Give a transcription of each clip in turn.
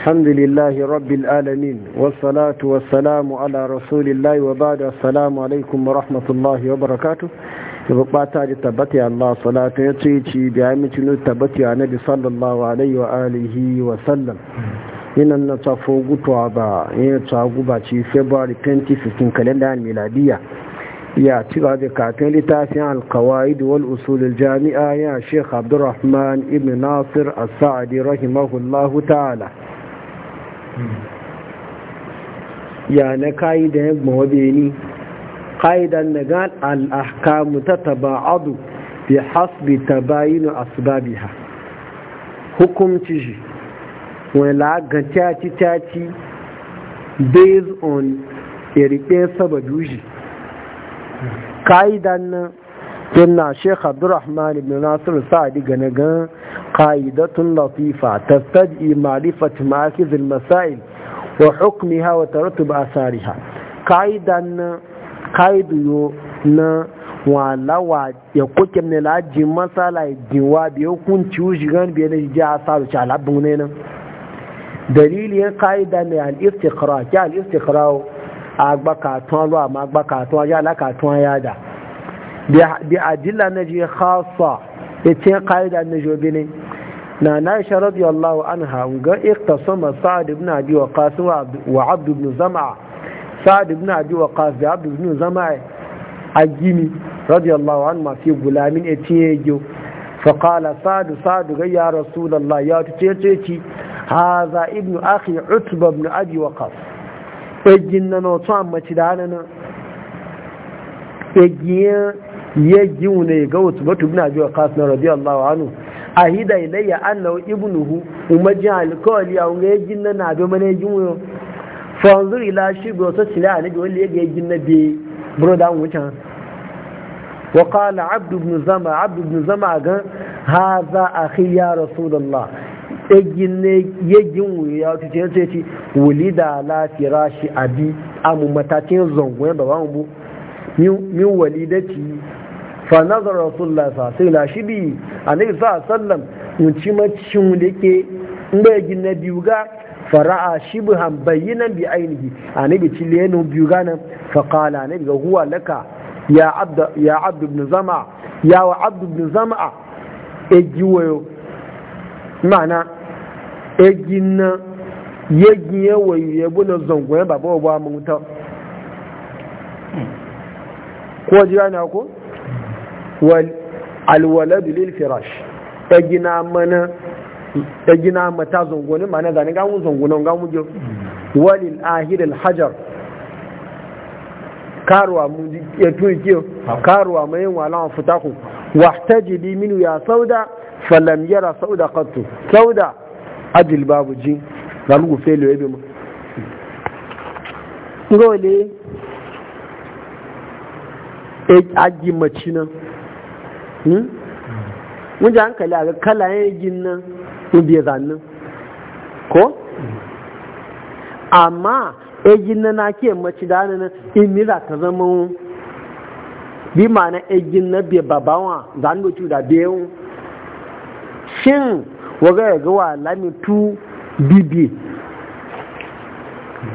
الحمد لله رب العالمين والصلاة والسلام على رسول الله وبعد السلام عليكم ورحمة الله وبركاته bukata da tabbata Allah salatu ya ce ci da ya mici nu tabbata ya nabi sallallahu alaihi wa wa sallam ina ya tsagu ba 2015 kalenda miladiya ya ci ba da katon littafin alkawaid wal usul jami'a ya sheikh abdurrahman ibn nasir as-sa'di ta'ala ya na kayi da ya gbawa beni ƙa'idan na gan al'ahkamu ta taba'adu bi hasbi tabayinu ha hukumci shi wani lagan caci-caci based on irike sababi shi ƙa'idan na inna sheikh abdurrahman ibn nasir sa'adi gane gan qa'idatun latifa tastaji ma'rifat ma'akiz al-masail wa hukmiha wa taratub asariha qa'idan qaidu yo na wala wa ya kuke ne laji masala diwa bi hukunci uji gan bi ne ji asaru cha labun ne nan dalilin qaida ne al-istiqra ya al-istiqra agbaka tun lo amma agbaka tun ya laka tun ya da bi adilla na je khasa ya ce ƙa'ida na jobi ne na na isha radiyallahu anha ga iktasama sa'ad ibn abi waqas wa abd ibn zama sa'ad ibn abi waqas da abd ibn zama a gimi radiyallahu anhu gulamin ya ce yau فقال سعد سعد يا رسول الله يا تتيتي هذا ابن أخي عتبة بن أبي وقاص اجينا نوتو عمتي اجينا ya giwu ne ga wasu batu bina biyu a kasuwa radiyallahu anu a hida ilayya annahu ibnuhu umajin alkawali a wunga ya na na abin mana ya giwu fanzur ila shi bi wata sila a nabi wani ya ga ya ginna bi broda wucan wa kala abdu ibn zama abdu ibn zama ga hadha akhi ya rasulullah eginne yegin wuya tuce ce ce da lafi rashi abi amu matakin zangon yadda ba mu min walidati fa nazar rasulullah sa sai la shi bi annabi sa sallam mun ci macin da yake in bai gina biyu ga fara'a shibhan bayyinan bi ainihi annabi ci leno biyu ga nan fa qala annabi ga huwa laka ya abd ya abd ibn zama ya wa abd ibn zama mana e ejinna yegin yawayo yebuna na zangon baba wa mutum ko jira na ko wal alwaladu lil firash ta gina mana ta mata zungoni mana zane ga mun zunguna ga mun jo walil ahirin al hajar karuwa mun ji ya tuyi kiyo karuwa mai yin walawa futaku wahtaji li minu ya sauda falam yara sauda qattu sauda ajil babu ji ga lugu felo yabe mu ngole aji maci nan wajen hmm? hankali a ga kalayen yin nan inda ya zannin ko amma egin na na ke maci da hannun imira ta zama bi ma na egin na biya babawa zannin cu biya biyan shin waga ya ga lamitu bibi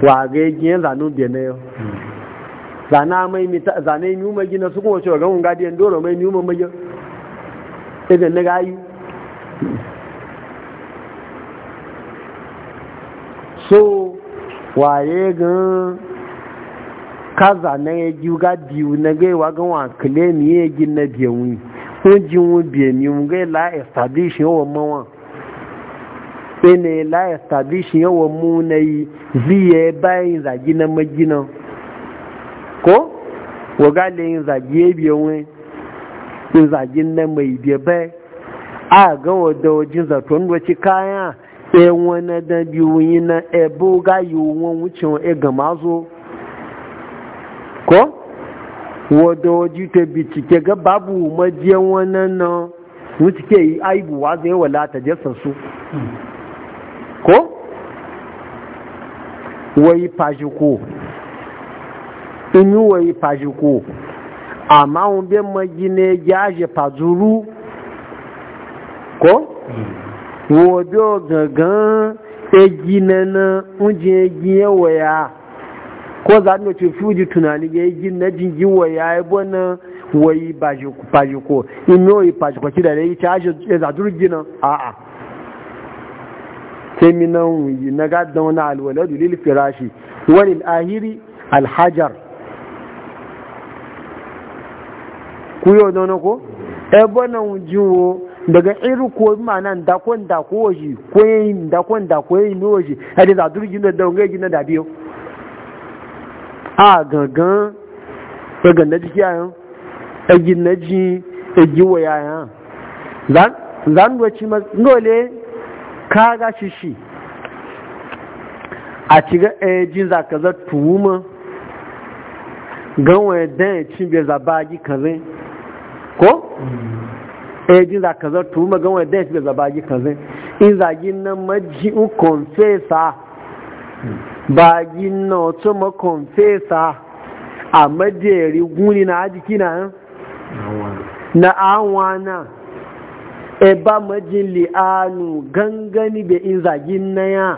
wa ga egin ya zannin biya na yau zana mai mita zane yi yuma gina su kuma cewa gamun gadiyan doro mai yuma mai idan na gayu so waye gan ka na ya ji ga biyu na gaiwa gan wa kile mi ya gina na biyan wi kun ji wun biyan mi mun gai la establish yawa mawa ene la establish yawa mu na yi ziye bayan zagi na magina ko wagale yin zage biyan wani yin zagen nan mai bebe a ga wadda wajen zaton wace kaya e wani da biyu yi na ebo ga yi wani wucin e gama zo ko wadda waje ta bincike ga babu majiyan wani na wuce ke yi aibuwa zai wala ta jesa su ko wai fashi ko in yi wa yi fashi ko amma un biyan ne ya je ko wo biyo gangan egi na na unji egi yawa ya ko za a ce fuji tunani ya yi na jingi wa ya yi bana wa yi fashi ko in yi wa yi fashi ko da ya yi caji ya zaduru gina a'a sai minan wuyi na gadon wani alwalar dalilin firashi wani ahiri alhajar Ku kuyo wani ko ebo na wo? daga iru ko mana e e da ko da ko waji ko yin da ko da ko yin waji hadi da durgi na da ngai gina da biyu a gangan e daga na jiki ayan a gina ji a giwa yan zan zan wace ma ngole ka ga shishi a ga ejin ji za tuwuma ganwa dan cin bai zabagi kazai ko eh jin za ka zartu magan wanda ya shiga zabagi kazin in zagin nan maji u confessa bagin na otu ma confessa a majeri guni na ajiki na eh? na awana e ba majin li'anu gangani be in zagin na ya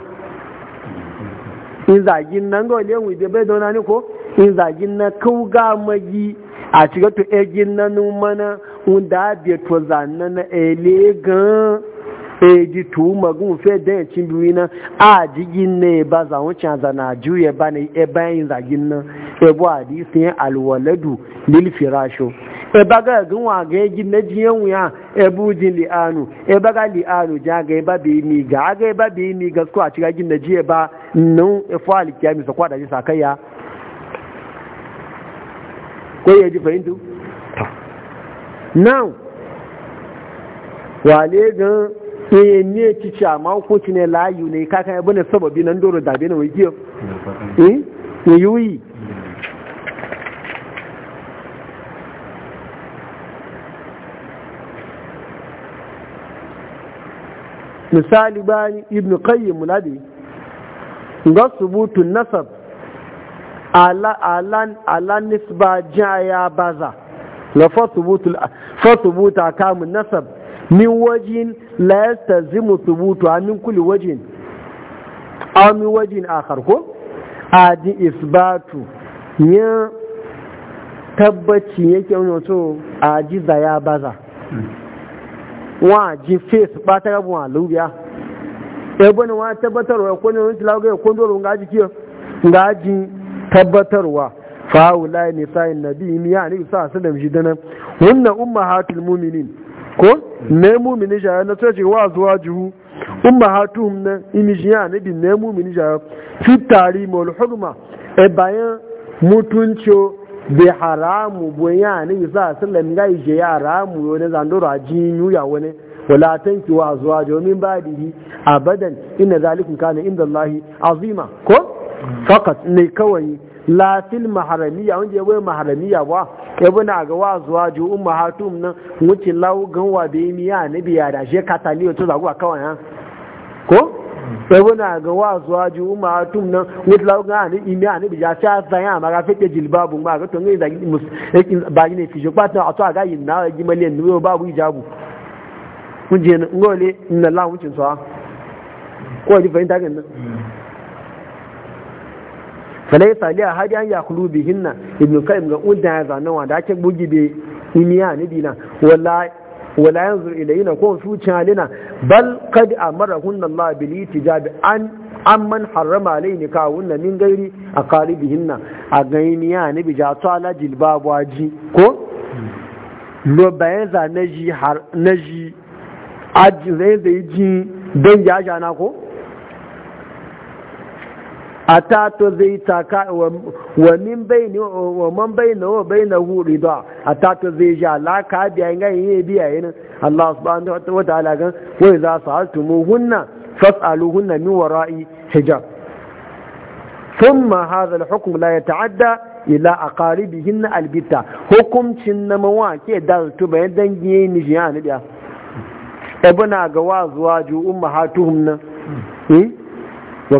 in zagin nan ga wale mu be bai dauna ni ko in zagin na kauga magi a cikin to egin na mana wanda abiya to zanna na ele gan eji tuma gun fe den cin biwi na a jigin ne ba za mu can zana juye ba ne e bayan zagin nan e bu hadisin alwaladu lil firashu e ba ga gun wa ga eji na jiyan wuya e bu jin li anu e ba ga li anu ja ga e ba bi mi ga ga e ba bi mi ga ko a cikin gin na jiye ba nun e fa alkiyami so kwada ji sakaya ko ya ji fahimta now wale gan eh ne cici amma hukunci ne layu ne kaka ya bane sababi nan doro dabe na wikiyo eh, yi yuyi misali bani ibn qayyim muladi ga subutun nasab ala nisba jaya baza na fasubuta kamun nasab min wajin la yastazimu thubutu min kuli wajin aw min wajin akhar ko adi isbatu ya tabbaci yake wani wato ajiza ya baza wa ji face ba ta rabu wa lubiya ebe ne wa tabbatarwa ko ne wani tilaga ya kondo ga jiki ga ji tabbatarwa fa'ula ne sa'in biyu ya ne sa su da mishi danan wannan ummahatul mu'minin ko ne mu'mini jaya na tsaye wa zuwa juhu ummahatuhum na ya ne bi ne mu'mini jaya fi tari mul hurma e bayan mutunci bi haramu ya ne sa su da miga ije ya haramu wani ne zandura jinyu ya wani wala tanki wa zuwa juhu min badihi abadan inna zalikun kana inda Allah azima ko fakat ne kawai lafil maharamiya wanda ya maharamiya wa ya na ga wa zuwa ji umma hatum nan wuce lawu ganwa bai miya na biya da shi kataliyo to zaguwa kawai ha ko ya na ga wa zuwa ji umma hatum nan wuce lawu ganwa na imiya na biya sha zanya ma ga fike jilbabu ma ga to ngai da ba ne fi shi kwatan a to a ga yin na gi maliyan ne babu hijabu kun je ngole inna lahu cin sa ko ji fahimta kan nan falai sali a hadi an ya kulu bihin na ibn kayyim ga udda ya zana Da ake bugi be imiya ni dina wala wala yanzu ilayna ko su chalina bal qad amarahunna Allah bil itijab an man harrama alayni ka wunna min gairi A aqaribihinna a gaimiya ni bi ja ala jilbabu aji ko lo bayan za naji har naji aji zai zai ji dan ya jana ko ata to zai taka wa min baini wa man baina wa hu rida ata to zai ja la ka biya ga yi biya yin Allah subhanahu wa ta'ala ga wa idza sa'altumuhunna fas'aluhunna min wara'i hijab thumma hadha al-hukm la yata'adda ila aqaribihin albitta hukumcin na ke da to bayan dangi ni jiya ni biya ebuna ga wazuwa ju ummahatuhum eh wa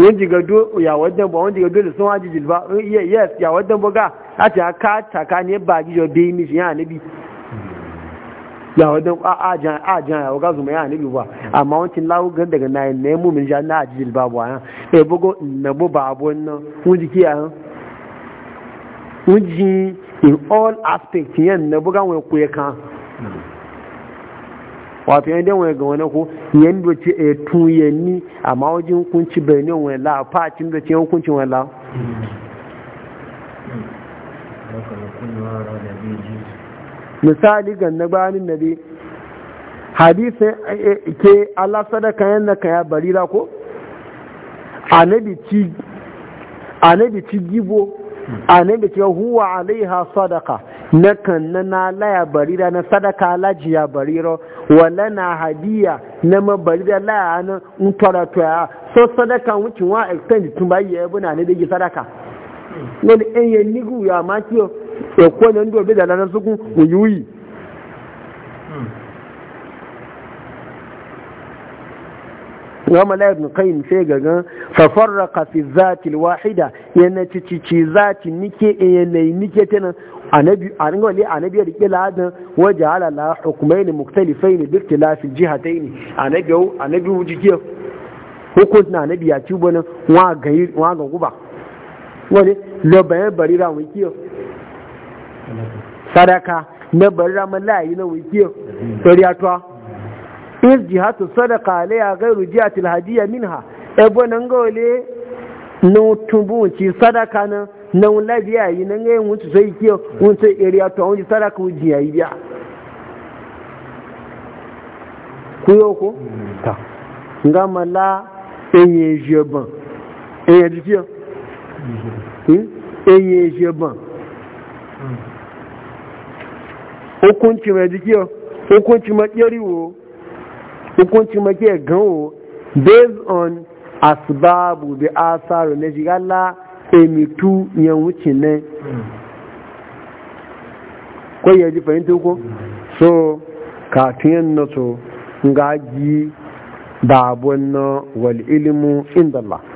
wọ́n gado ìyàwó dẹ́bọ̀ wọ́n ti gado lè sọ́wọ́n àjèjì lùbá yes ìyàwó dẹ́bọ̀ gá láti ne ba ní ẹ̀bà àjíjọ bí i níṣẹ́ yàn níbi ìyàwó dẹ́bọ̀ àjàn ìyàwó gá zùmọ̀ yàn níbi wà àmọ́ wọ́n ti láwọ́ gan daga náà ẹ̀ mú mi níṣẹ́ náà àjèjì lùbá bọ̀ àyàn ẹ̀ bọ́gọ́ ìnàbó bá a bọ́ ná wọ́n ti kí àyàn wọ́n ti in all aspects yẹn ìnàbó kan wato yadda wani ga wani ko da ce a eh, tuyanni amma wajen hukunci bai ne wani la fa cin da ce hukuncin wani la misali ga na bayanin nabi hadisi eh, eh, ke Allah sadaka yana ka ya barira ko a ci anabi ci gibo a anabi ci huwa alaiha sadaka na kan na laya barira na sadaka lajiya barira wala na hadiya na mabari da la'ana in tora so sadaka wucin wa extend tun ba yi yabu na ne da sadaka wani en yen nigu ya ma kiyo e ko nan do da uyuyi gama la ibn qayyim sai gagan fa farraqa fi wahida, alwahida yana cici ci zati nike yana nike tana annabi an ga le annabi ya rike ladan waje ala la hukmain muktalifain bi ikhtilaf aljihatayn annabi annabi wujike hukunta na annabi ya ci bonan wa ga wa ga guba wani lo bayan barira wikiyo sadaka na barira malayi na wikiyo sariya tuwa Is iz jihatu sadaka alaiha gairu jihatil hadiya minha ebo nan gole na tumbuci sadaka na na labiya yi nan ga wuce sai kiyo wuce area to wuce sadaka wuce yayi biya ku yo ko ta ngama la eye jeban eye dikiyo eye jeban hukunci mai dikiyo hukunci hukunci make gawo based on asbabu bi asaru na la emitu yan wuce ne ko ya ji fahimta ko so katiyan na so ngaji babon na wal ilimu inda Allah